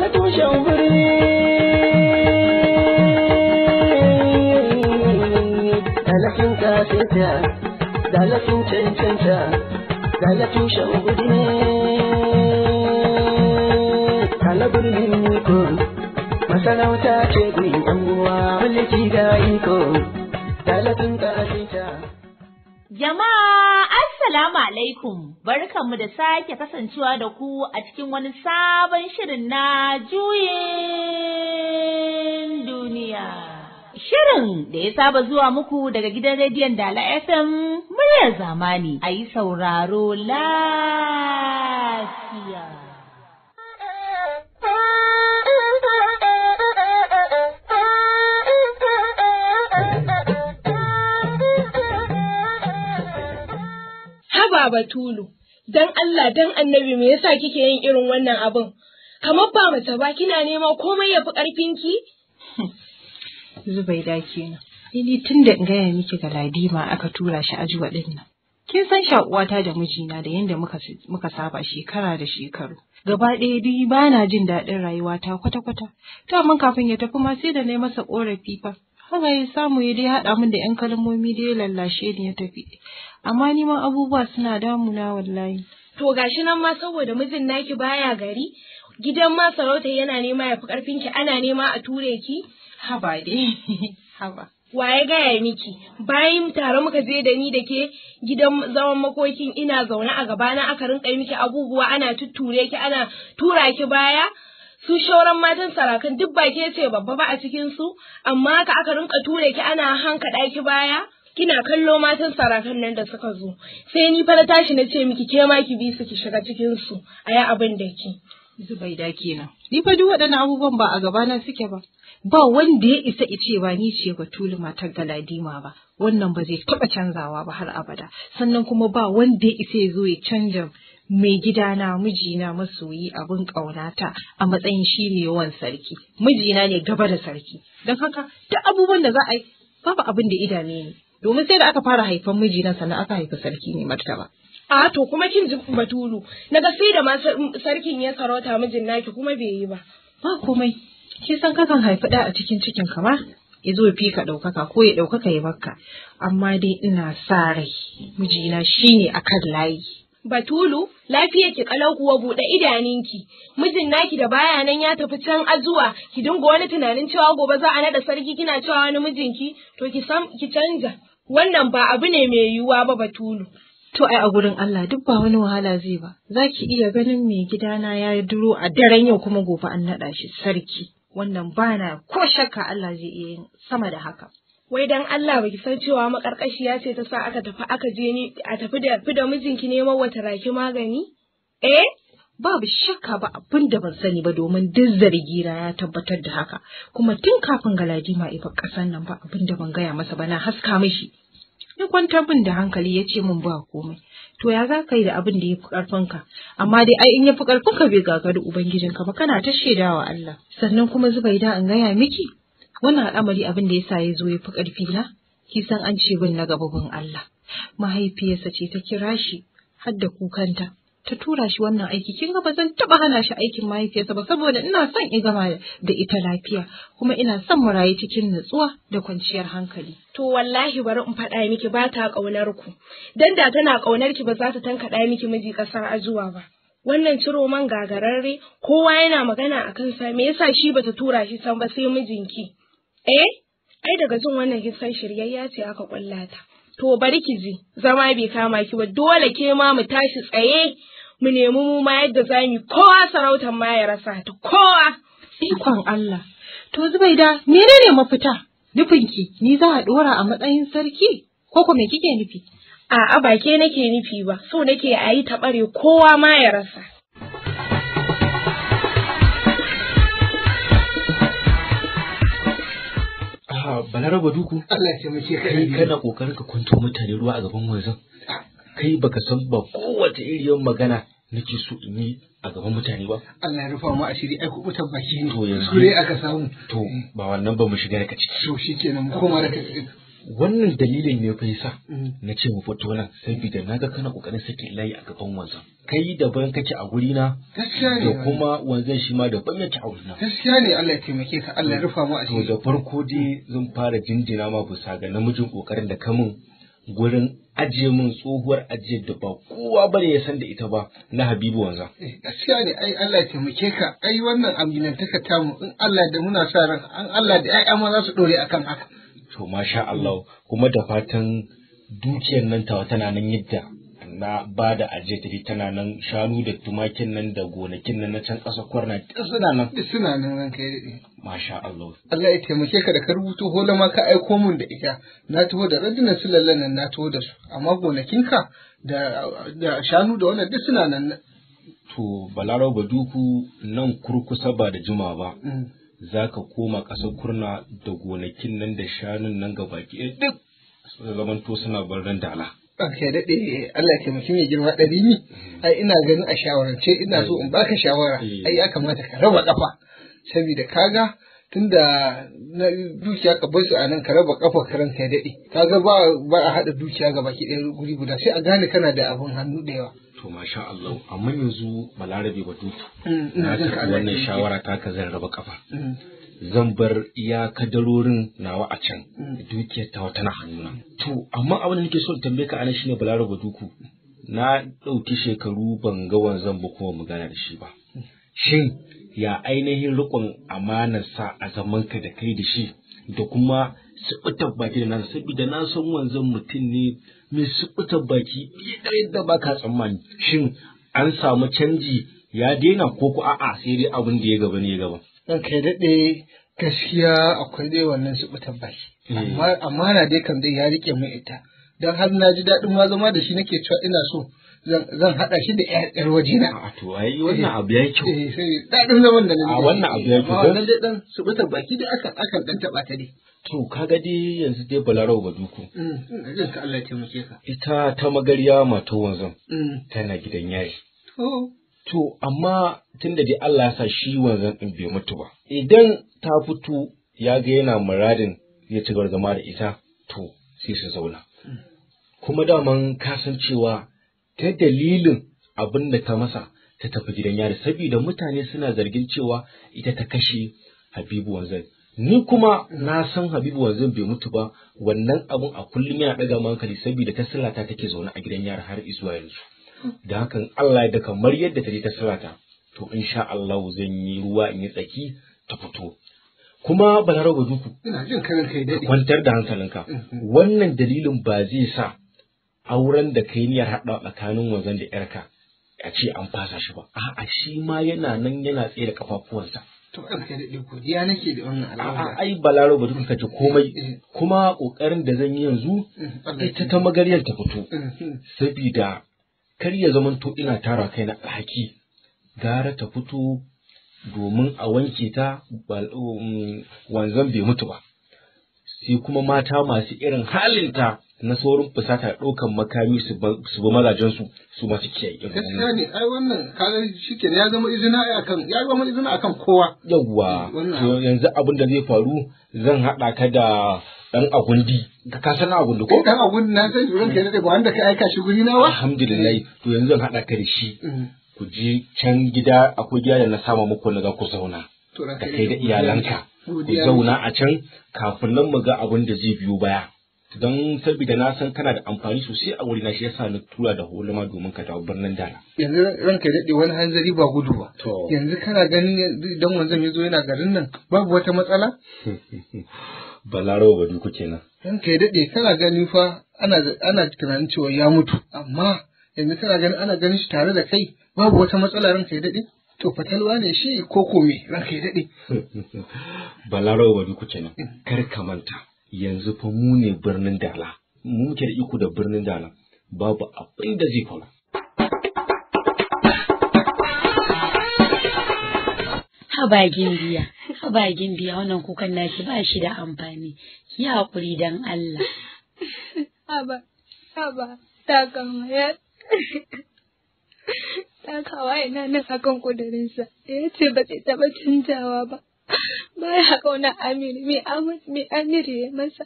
na tushen birni dalafin kafinta dalafin cancanta dala tushen dala birnin niko masarauta ce gurin yan mulki da iko dalafin kafinta jama'a Assalamu alaikum, barkanmu da sake kasancewa da ku a cikin wani sabon shirin na juyin duniya. Shirin da ya saba zuwa muku daga gidan rediyon Dala FM muryar zamani, a yi sauraro lafiya. Baba Tulu, dan Allah dan annabi me yasa kike yin irin wannan abin? Kamar ba mace ba kina nema komai yafi fi ƙarfinki? Zubai da ke Ni tun da in gaya miki ga Ladima aka tura shi ajuwa din nan. Kin san shakuwata da mijina da yadda muka saba shekara da shekaru. Gaba ɗaya biyu ba na jin daɗin rayuwata kwata-kwata. To mun kafin ya tafi ma sai da na masa ƙorafi fa. kawai samu ya dai haɗa min da yan kalmomi da ya lallashe ni ya tafi amma ni ma abubuwa suna damuna wallahi to gashi nan ma saboda mijin naki baya gari gidan ma sarauta yana nema ya fi karfin ki ana nema a ture ki haba dai haba wa ya gaya miki bayan tare muka je da ni da ke gidan zaman makokin ina zaune a gaba na aka rinka miki abubuwa ana tutture ki ana tura ki baya su shauran matan sarakan duk ba ke ce babba ba a cikin su amma ka aka rinka ture ki ana hanka ɗaki baya kina kallo matan sarakan nan da suka zo sai ni fa na tashi na ce miki ke ma ki bi su ki shiga cikin su a yi abin da ki zubaida kenan ni fa duk waɗannan abubuwan ba a gaba gabana suke ba ba wanda ya isa ice ba ni ce ba tuli matar galadima ba wannan ba zai taɓa canzawa ba har abada sannan kuma ba wanda ya isa ya zo ya canja mai gidana mijina masoyi abin ƙaunata a matsayin shi ne yawan sarki mijina ne gaba da sarki don haka ta abubuwan da za a yi babu abin da idane ne domin sai da aka fara haifan mijina sannan aka haifi sarki ne martaba a to kuma kin ji batulu ga sai da ma sarkin ya sarauta mijin naki kuma bai yi ba ba komai kin san kakan haifi da a cikin cikin ba, ya zo fi ka ɗaukaka ko ya ɗaukaka ya bakka amma dai ina sa rai mijina shine akan layi Batulu, lafiya ki kalau kuwa buɗe idaninki. Mijin naki da baya nan ya tafi can azuwa, ki dinga wani tunanin cewa gobe za a naɗa sarki kina cewa wani mijinki, to ki san ki canza. Wannan ba abu ne mai yiwuwa ba Batulu. To ai a gurin Allah duk ba wani wahala zai ba. Za ki iya ganin mai gidana ya yi duro a daren yau kuma gobe an naɗa shi sarki. Wannan bana ko shakka Allah zai iya yin sama da haka. wai dan Allah baki san cewa makarkashiya ce ta sa aka tafi aka je ni a tafi da fi da mijinki neman wata raki magani? Eh? Babu shakka ba abin da ban sani ba domin duk zargira ya tabbatar da haka, kuma tun kafin galadima ifa kasan nan ba abin da ban gaya masa ba na haska mishi. Ya kwantar bin da hankali ya ce min ba komai, to ya za ka yi da abin da ya fi ƙarfinka, amma dai ai in ya fi ƙarfinka bai gagari Ubangijinka ba kana ta shaidawa Allah, sannan kuma zubaida da in gaya miki. wannan al'amari abin da yasa ya zo ya fi ƙarfi na kisan an ce bin na gababin Allah mahaifiyarsa ce ta kira shi har da kukanta ta tura shi wannan aiki kin ga ba zan taba hana shi aikin mahaifiyarsa ba saboda ina son in gama da ita lafiya kuma ina son mu rayu cikin nutsuwa da kwanciyar hankali to wallahi bari in faɗa miki ba ta ƙaunar ku dan da tana ƙaunar ki ba za ta tankaɗa miki miji ƙasar zuwa ba wannan ciro man gagararre kowa yana magana a kansa, me yasa shi bata tura shi san ba sai mijinki Eh, ai daga jin wannan hisan shiryayya ce aka ƙulla ta. To bari ki ji, zama bai kama ki ba dole ke ma mu tashi tsaye mu nemi mu ma yadda za mu kowa sarautar ma ya rasa ta kowa. Ikon Allah. To Zubaida, ne mafita? Nufinki, ni za a ɗora a matsayin sarki? Ko ko me kike nufi? A'a ba ke nake nufi ba, so nake a yi taɓare kowa ma ya rasa. ha balaraba duku Allah ya mace kai kana kokarin ka kwanto mutane ruwa a gaban wanzan kai baka san ba kowace iriyon magana nake so in yi a gaban mutane ba Allah ya rufa mu asiri ai ku tabbaki ne to yanzu sai aka samu to ba wannan ba mu shiga ka ciki to shikenan mu koma da kai wannan dalilin ne kai sa mm. na ce mu fito nan saboda ga kana kokarin saki layi a gaban wanzan kai ban kake a guri na gaskiya ne da kuma wanzan shi ma da ban yake a wurin na gaskiya ne Allah ya taimake ka Allah ya mm. rufa mu a cikin to da farko dai mm. zan fara jinjina ma bisa ga namijin kokarin da kamun gurin ajiye min tsohuwar ajiye da ba kowa bane ya san da ita ba na Habibu wanzan. Eh, gaskiya ne ai Allah ya taimake ka ai wannan aminantaka tamu in Allah da muna sa ran an Allah da ƴaƴa ma za su dore akan haka. to masha Allah kuma da fatan dukiyar nan tawa tana nan yadda na ba da ajiyar tana nan shanu da tumakin nan da gonakin nan na can ƙasa kwarna suna nan suna nan nan kai daɗe masha Allah Allah ya taimake ka da ka rubuto hola ma ka aiko mun da ita na taho da radunan su lallan nan na taho da su amma gonakinka da da shanu da wannan duk suna nan to balarau baduku nan kurkusa ba da juma ba mm. za ka koma ƙasar kurna da gonakin nan da shanun nan ga baki duk to suna barren dala. Aka daɗe Allah ke mutum ya girma ɗari ni, hmm. ai ina ganin a shawarance ina so in baka shawara, hmm. ai ya kamata ka raba ƙafa, saboda kaga tunda na dukiya ka bar su a nan ka raba ƙafa karan kai daɗe, kaga ba a haɗa dukiya ga baki ɗaya guri guda sai a gane kana da abin hannu da yawa. to masha Allah amma yanzu balarabe ba mm, mm. na a wannan shawara ta ka zan raba kafa mm. zan bar iya kadarorin nawa a can dukiyar ta tana hannuna to amma abin da nake so in tambaye ka anan shine balarabe duku na ɗauki shekaru ban ga wanzan ba kuma magana da shi ba shin ya ainihin riƙon amanarsa a zamanka da kai da shi da kuma subutar baki da nasa saboda na san wanzan mutum ne mai subutar baki da yadda ba ka tsammani shin an samu canji ya daina ko ko a'a sai dai abin da ya gaba ne ya gaba dan kai daɗe gaskiya akwai dai wannan subutar baki eh. amma na dai kan dai ya rike mai ita dan har na ji daɗin ma zama da shi nake cewa ina so zan haɗa shi da ƴar waje na. A to ai wannan eh, abu ya kyau. Eh sai daɗin zaman da na. A wannan abu ya kyau. Wannan dai dan subutar baki da aka aka dan taba ta ne. To kaga dai yanzu dai Balarau duku Mm ina ka Allah ya taimake ka. Ita ta magarya mato wanzan. Mm. Tana gidan yari. To. To amma tunda dai Allah ya sa shi wanzan din bai mutu ba. Idan ta fito ya ga yana muradin ya ci zama da ita to sai su zauna. Mm. Kuma daman kasancewa ta dalilin abin da ta masa ta tafi gidan yari saboda mutane suna zargin cewa ita ta kashe Habibu Wanzan ni kuma na san Habibu Wanzan bai mutu ba wannan abun a kullum yana ɗaga hankali saboda ta sallata take zaune a gidan yari har izuwa yanzu da hakan Allah da kamar yadda ta je ta sallata to insha Allah zan yi ruwa in yi tsaki ta fito kuma balarabe duku ina jin kai dai kwantar da hankalinka mm-hmm. wannan dalilin ba zai sa auren da kai niyyar haɗa tsakanin wanzan da yarka a ce an fasa shi ba a'a shi ma yana nan yana tsaye da kafafuwansa to an kai da ko ya nake da wannan ai balaro ba duka ji komai eh, eh. kuma kokarin da zan yi yanzu eh, ita ta magaryar ta fito hmm. saboda kar ya zamanto ina tara kaina alhaki gara ta fito domin a wanke ta um, wanzan bai mutu ba sai kuma mata masu irin halinta na saurin fusata ɗaukan makami su bi mazajensu su masu kiyaye irin gaskiya ne ai wannan shi ke ya zama izina akan ya zama izina kan kowa yawwa yanzu abin da zai faru zan haɗa ka da ɗan agundi ka san agundi ko eh, ɗan agundi na san shi kai ne wanda ka aika shi guri na alhamdulillah eh. to yanzu zan haɗa ka da shi mm. ku je can gida akwai gida da na sama muku na za ku zauna Ka kai da iyalanka ku zauna a can kafin nan mu ga abin da zai biyo baya don saboda na san kana da amfani sosai a wurina shi yasa na tura da hulama domin ka dawo birnin dala yanzu ranka ya daɗe wani hanzari ba gudu ba yanzu kana ganin idan wanzan ya zo yana garin nan babu wata matsala balaro ba duku kenan ranka ya daɗe kana ganin fa ana tunanin cewa ya mutu amma yanzu kana ganin ana ganin shi tare da kai babu wata matsala ranka ya daɗe to fatalwa ne shi ko kome ranka ya daɗe balaro ba duku kenan hmm. kar ka manta yanzu fa mu ne birnin dala mu ke da iko da birnin dala babu abin da zai faru habagin biya habagin biya wannan kukan nashi ba shi da amfani ki hakuri dan Allah haba haba ta kama ya ta kawai na nan akan kudurinsa ya ce ba zai taɓa canjawa ba baya kauna Aminu mai amus me Amiru ya masa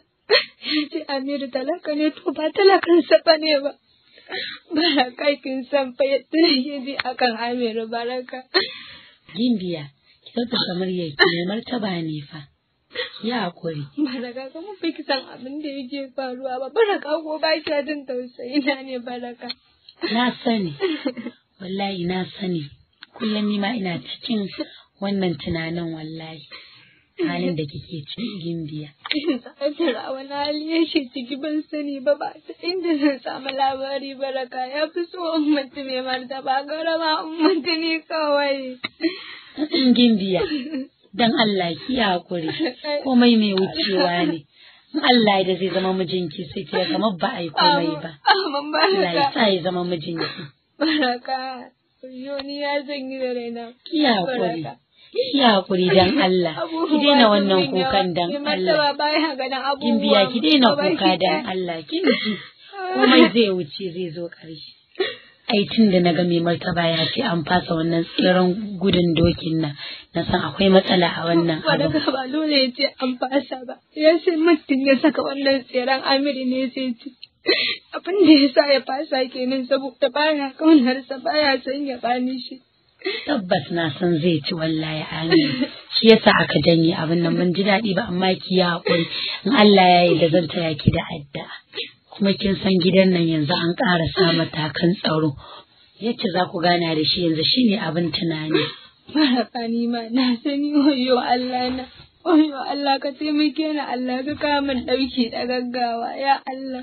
ya ce Amiru talaka ne to ba talakansa ba ne ba baya kaikin san fa ya tunake a kan Amiru baraka Gimbiya ki dauka kamar yake ne martaba ne fa ya hakuri baraka kuma fa ki san abin da yake faruwa ba baraka ko ba ki jin tausayi na ne baraka na sani wallahi na sani kullum ni ma ina cikin wannan tunanin wallahi halin da kike cikin biya. Za jira wani hali ya shi ciki ban sani ba ba ta inda zan samu labari baraka ya fi so in ummatu mai martaba gara ma ummatu ne kawai. Gimbiya, don Allah ki ya haƙuri, komai mai wucewa ne. Allah da zai zama mijinki sai ke kamar ba a yi komai ba. Allah ya sa ya zama mijinki. Baraka, yoni ya zanyi da raina. Ki hakuri. Ki hakuri dan Allah, ki daina wannan kukan dan Allah. Kin biya ki daina kuka dan Allah, kin ji. Komai zai wuce zai zo ƙarshe. Ai tun da na ga mai martaba ya ce an fasa wannan tseren gudun dokin nan, na san akwai matsala a wannan abu. Ba ba dole ya ce an fasa ba, ya ce mutum ya saka wannan tseren amiri ne sai ce. Abin da ya sa ya fasa kenan saboda baya kaunarsa baya son ya bani shi. tabbas na san zai ci wallahi amin shi yasa aka janye abin nan mun ji daɗi ba amma ki ya hakuri in Allah ya yi da zan taya ki da adda, kuma kin san gidan nan yanzu an ƙara sa matakan tsaro yacce za ku gana da shi yanzu shine abin tunani maraka ni ma na sani wayo Allah na wayo Allah ka taimake ni Allah ka kama ɗauki da gaggawa ya Allah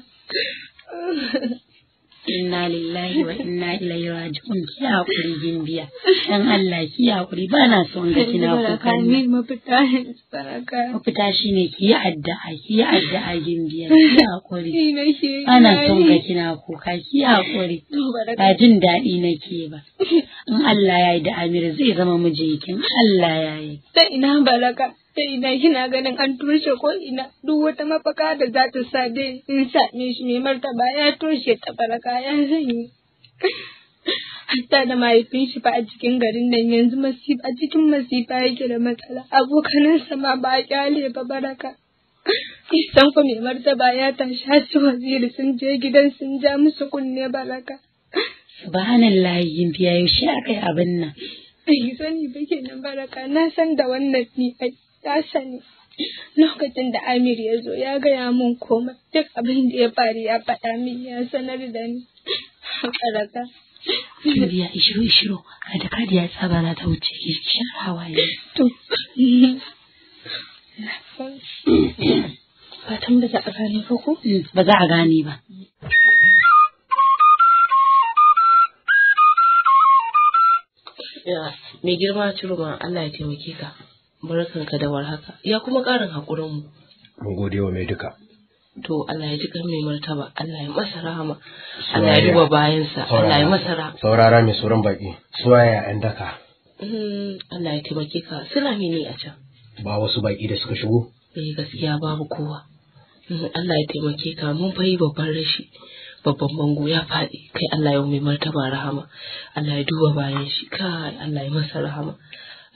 inna lillahi wa inna ilaihi raji'un ki hakuri gimbiya dan Allah ki hakuri ba na son ga kina kuka ni mafita baraka mafita ne ki yi addu'a ki yi addu'a gimbiya ki hakuri ana son ga kina kuka ki hakuri ba jin daɗi nake ba in Allah ya yi da Amir zai zama mijinkin Allah ya yi. Ta ina balaka, ta ina kina ganin an toshe ko ina duk wata mafaka da za ta sa dai in same shi mai martaba ya toshe ta balaka ya yi. Hatta da mahaifin shi fa a cikin garin nan yanzu masifa a cikin masifa yake da matsala abokanansa ma ba a kyale ba baraka. Isan mai martaba ya tashi har su waziri sun je gidan sun ja musu kunne baraka. subhanallahi shi yaushe yi abin nan bai sani ba kenan baraka na san da wannan ni ai ta sani lokacin da Amir ya zo ya gaya min komai duk abin da ya faru ya faɗa min ya sanar da ni baraka Indiya ishiro ishiro kada kada ya tsaba na ta wuce ki shan hawaye. to mm. fatan ba za a gane ba ko mm, ba za a gane ba mai girma cirma Allah ya taimake ka barkanka da warhaka ya kuma karin hakurin mu mun gode wa mai duka to Allah ya ji mai martaba Allah ya masa rahama Allah ya duba bayansa Allah ya masa rahama saurara mai sauran baki ya yan daka hmm, Allah ya taimake ka Suna mini a can ba wasu baki da suka shigo eh gaskiya babu kowa hmm, Allah ya taimake ka mun fahimta babban rashi babban bango ya faɗi kai Allah ya mai martaba rahama Allah ya duba bayan shi kai Allah ya masa rahama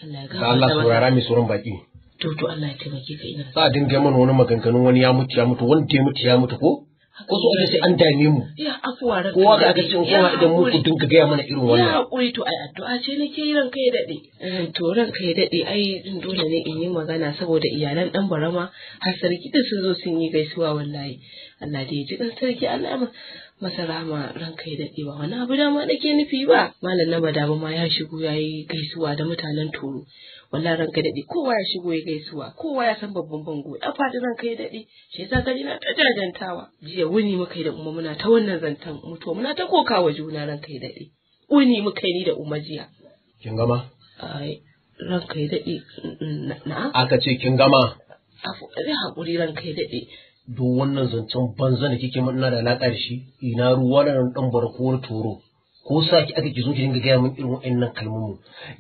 Allah ya gafarta Allah saurara mai tsoron baki to to Allah ya taimake ka ina sa dinga mana wani maganganun wani ya mutu ya mutu wanda ya mutu ya mutu ko wasu aka ce an dame mu kowa ga aka ce kowa idan mu ku dinka gaya mana irin wannan ya hakuri to ai addu'a ce nake yi ranka ya dade eh, to ranka ya dade ai dole ne in yi magana saboda iyalan dan barama har sarki da sun zo sun yi gaisuwa wallahi Allah da ya ji dan sarki Allah masara ma ranka ya daɗe ba wani abu dama nake nufi ba malam na madabu ma ya shigo ya yi gaisuwa da mutanen toro wallah ranka daɗe kowa ya shigo ya gaisuwa kowa ya san babban bango a fadi ranka ya daɗe shi yasa gari na ta jajantawa jiya wuni muka yi da umma muna ta wannan zantan mutuwa muna ta kokawa juna ranka ya daɗe wuni muka yi ni da umma jiya kin gama ai ranka ya daɗe mm, mm, na aka ce kin gama a haƙuri ranka ya daɗe duk wannan zancen banza da kike ina da alaƙa da shi ina ruwa da nan ɗan barkuwar toro ko sa ki aka ki zo ki dinga gaya min irin wa'annan kalmomi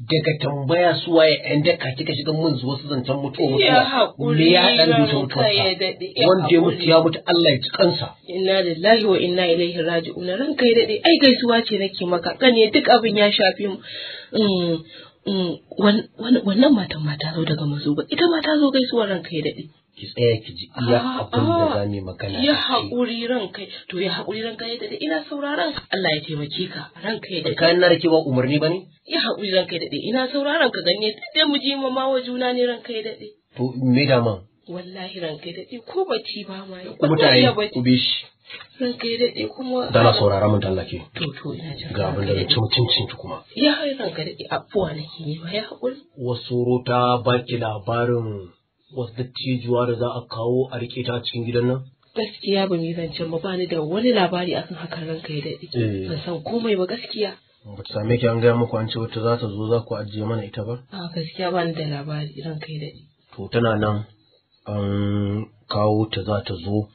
daga tambaya su waye ɗan ka kika shiga min wasu zancen mutuwa mutuwa me ya dan zuwa mutuwa wanda ya mutu ya mutu Allah ya ci kansa inna lillahi wa inna ilaihi raji'un ran kai daɗe ai gaisuwa ce nake maka kane duk abin ya shafi mu mm, mm, wannan matan ma ta zo daga mazuba ita ma ta zo gaisuwar ranka ya daɗe ki tsaya ki ji iya ah, abin da ah. za mu magana ya haƙuri ranka to ya haƙuri ranka ya da ina sauraron Allah ya taimake ka ranka ya dade kan na rake ba umarni bane ya haƙuri ranka ya dade ina sauraron ka ganye duk mu ji mu mawa juna ne ranka ya to me da man wallahi ranka ya dade ko bacci ba ma yi mutane ku bi shi ranka ya dade kuma na saurara mun tallake to to ina jin ga abin da ya ci mutuncin ki kuma ya haƙuri, ranka ya dade afuwa nake ne ba ya haƙuri wasu rota baki labarin wata dattijuwa da za a kawo a rike ta cikin gidan nan? Gaskiya ba mai zancen ba bani da wani labari akan hakan ranka ya daɗi. Eh. Ban san komai ba gaskiya. Ba ta same ki an gaya muku an ce wata za ta zo za ku ajiye mana ita ba? A gaskiya bani da labari ranka ya daɗi. To tana nan an kawo ta za ta zo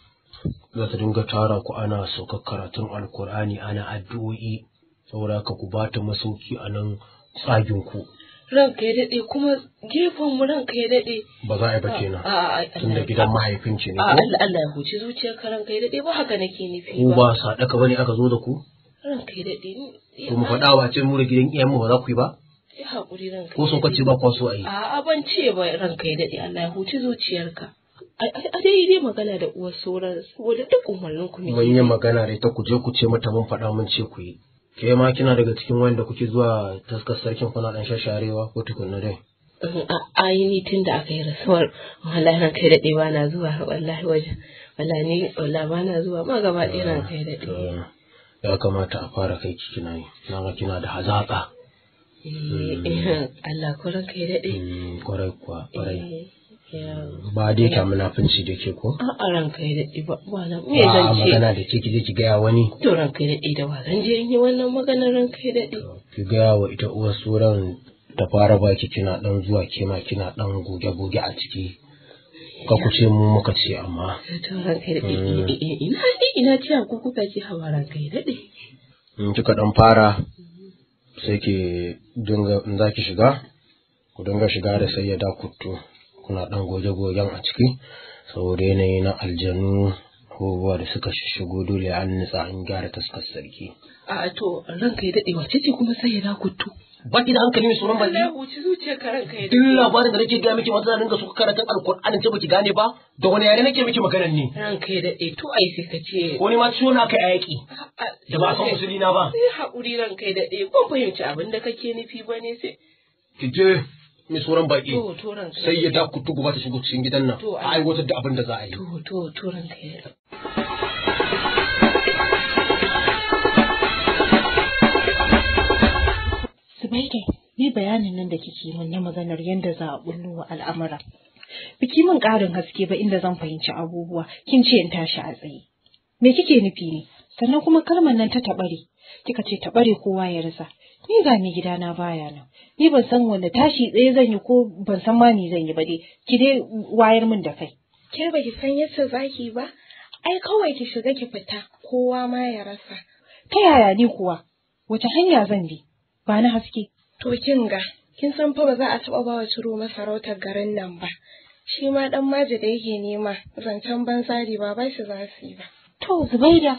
za ta dinga tara ku ana sauka karatun alkur'ani ana addu'o'i saboda ka ku ba ta masauki a nan tsaginku. ranka ya daɗe kuma gefen mu ranka ya daɗe ba za a yi ba kenan tun da gidan mahaifin ce ne ko Allah Allah ya huce zuciyar ka ranka ya daɗe ba haka nake nufi ba ku ba sadaka bane aka zo da ku ranka ya daɗe to mu faɗa wa cikin mu da gidan iyayen mu ba za ku yi ba ya haƙuri ranka ko sun kwace ba so a yi a'a ban ce ba ranka ya daɗe Allah ya huce zuciyarka a dai dai magana da uwar sauran saboda duk umarnin ku ne mun yi magana da ita ku je ku ce mata mun faɗa mun ce ku yi ke ma kina daga cikin wanda kuke zuwa taskar sarkin kuna dan shasharewa ko tukunna dai a yi ni tun da aka yi rasuwar wallahi ran kai daɗe ba na zuwa wallahi wajen wallahi ni wallahi ba na zuwa ma gaba ɗaya ran kai daɗe ya kamata a fara kai ciki na yi na ga kina da hazaƙa eh, eh, Allah ko kai daɗe kwarai mm, kwa kwarai eh. ba dai ta munafunci da ke ko a ranka ya daɗi ba ba nan me zan ce magana da ke kije ki gaya wani to ranka ya daɗi da ba zan je yi wannan magana ranka ya daɗi ki gaya wa ita uwa suran ta fara ba ki kina dan zuwa ke ma kina dan goge-goge a ciki ka kuce mu muka ce amma to ranka ya daɗi hmm. ina ne ina ce ku kuka ce hawa ranka ya daɗi in kika dan fara sai ki dinga in za ki shiga ku dinga shiga da sayyada kuttu kuna ɗan goge-gogen a ciki saboda yanayi na aljanu abubuwa da suka shishigo dole an nisa an gyara taskar sarki. A to ka yi daɗe wace ce kuma sai ya kutu. Ba ki da hankali mai tsoron balle. Allah huci zuciya ka ranka ya daɗe. Duk labarin da nake gaya miki wata ringa su karatun alkur'ani ce baki gane ba da wani yare nake miki maganar ne. Ran kai daɗe to ai sai ka ce. Wani ma ciwo na kai a yaƙi. Da ba san musulina ba. Sai haƙuri ranka ya daɗe ban fahimci abin da kake nufi ba ne sai. Ki je. mai sauran baƙi sai ya da kutu ba ta shigo cikin gidan nan a aiwatar da abin da za a yi. Subaike, ni bayanin nan da kike min na maganar yadda za a bullo wa al'amura. Biki min ƙarin haske ba inda zan fahimci abubuwa, kin ce in tashi a tsaye. Me kike nufi ne? Sannan kuma kalmar nan ta taɓare, kika ce taɓare kowa ya rasa. ni ga ni gida na baya nan ni ban san wanda tashi tsaye zan yi ko ban san ma ni zan yi ba dai ki dai wayar min da kai ke ba ki san yadda zaki ba ai kawai ki shiga ki fita kowa ma ya rasa ta yaya ni kuwa wace hanya zan bi ba na haske to kin ga kin san fa ba za a taba ba wa ciro masarautar garin nan ba shi ma dan maji da yake nema zancen banzari ba ba shi za su yi ba to zubaida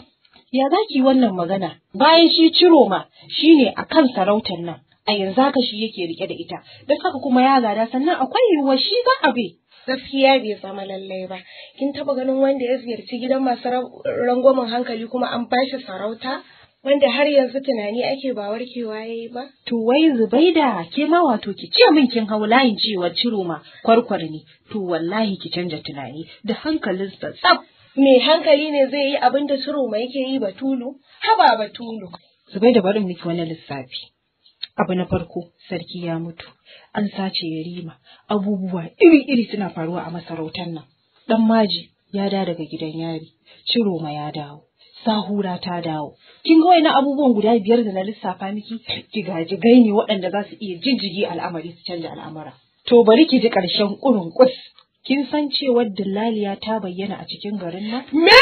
ya zaki wannan magana bayan shi ciroma shine akan sarautar nan a yanzu haka shi yake rike da ita don haka kuma ya gada sannan akwai yiwuwar shi za a bai gaskiya bai zama lallai ba kin taba ganin wanda ya ziyarci gidan masu rangwamen hankali kuma an bashi sarauta wanda har yanzu tunani ake ba warkewa ya yi ba. To wai Zubaida ke ma wato ki ce min kin hau layin cewa ciro ma kwarkwar ne to wallahi ki canja tunani da hankalin sa tsaf Me hankali ne zai yi abin da mai yake yi batulu? Haba batulu. Zubai da barin miki wani lissafi. Abu na farko, sarki ya mutu, an sace yarima, abubuwa iri-iri suna faruwa a masarautar nan. Ɗan maji ya da daga gidan yari, ciroma ya dawo, sahura ta dawo. Kin ga na abubuwan guda biyar da na lissafa miki, Ki gaji gaine waɗanda za su iya jijjigi al'amari su canja al'amara. To bari ki ji ƙarshen ƙurin ƙus. Kin san cewar dillaliya ta bayyana a cikin garin nan? Me?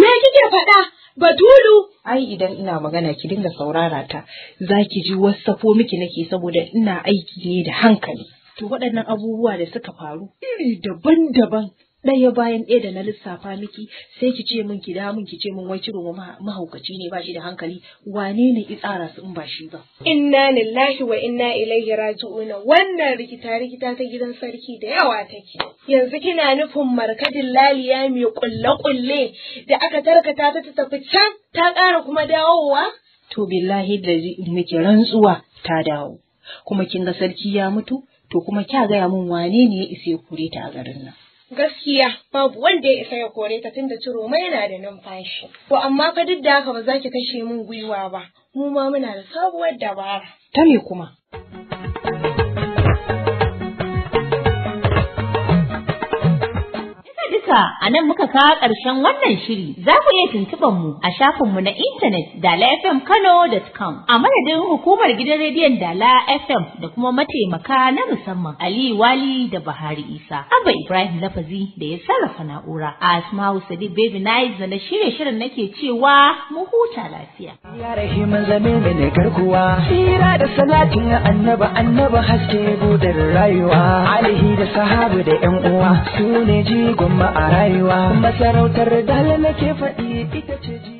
Me kike faɗa? Batulu! Ai idan ina magana ki dinga saurara ta, za ki ji wasafo miki nake saboda ina aiki ne da hankali. To waɗannan abubuwa da suka faru iri daban-daban ɗaya bayan ɗaya da na lissafa miki sai ki ce min ki da min ki ce min wai ciro mahaukaci ne ba shi da hankali wane ne i tsara su in ba shi ba inna lillahi wa inna ilaihi raji'un wannan rikita rikita ta gidan sarki da yawa take yanzu kina nufin markadin laliya mai kulle kulle da aka tarkata ta ta tafi can ta ƙara kuma dawowa to billahi da muke rantsuwa ta dawo kuma kin ga sarki ya mutu to kuma kya gaya min wane ne ya ise kure ta a garin nan gaskiya babu wanda ya isa ya kore ta tunda ciro mai yana da numfashi. To amma fa duk da haka ba za ki kashe mun gwiwa ba, mu ma muna da sabuwar dabara. Ta me kuma? haka a nan muka kawo ƙarshen wannan shiri. Za ku iya tuntuɓar mu a shafinmu na intanet dalafmkano.com. A madadin hukumar gidan rediyon Dala FM da kuma mataimaka na musamman Ali Wali da Bahari Isa. Abba Ibrahim Lafazi da ya sarrafa na'ura. a Asma'u Sadi, Baby Nice da na shirye shirin nake cewa mu huta lafiya. Ya rahi mun zame da ne garkuwa. da salatin annaba annaba haske budar rayuwa. Alihi da sahabu da 'yan uwa su ne jigon ma'a rayuwa masarautar dala nake faɗi ita ce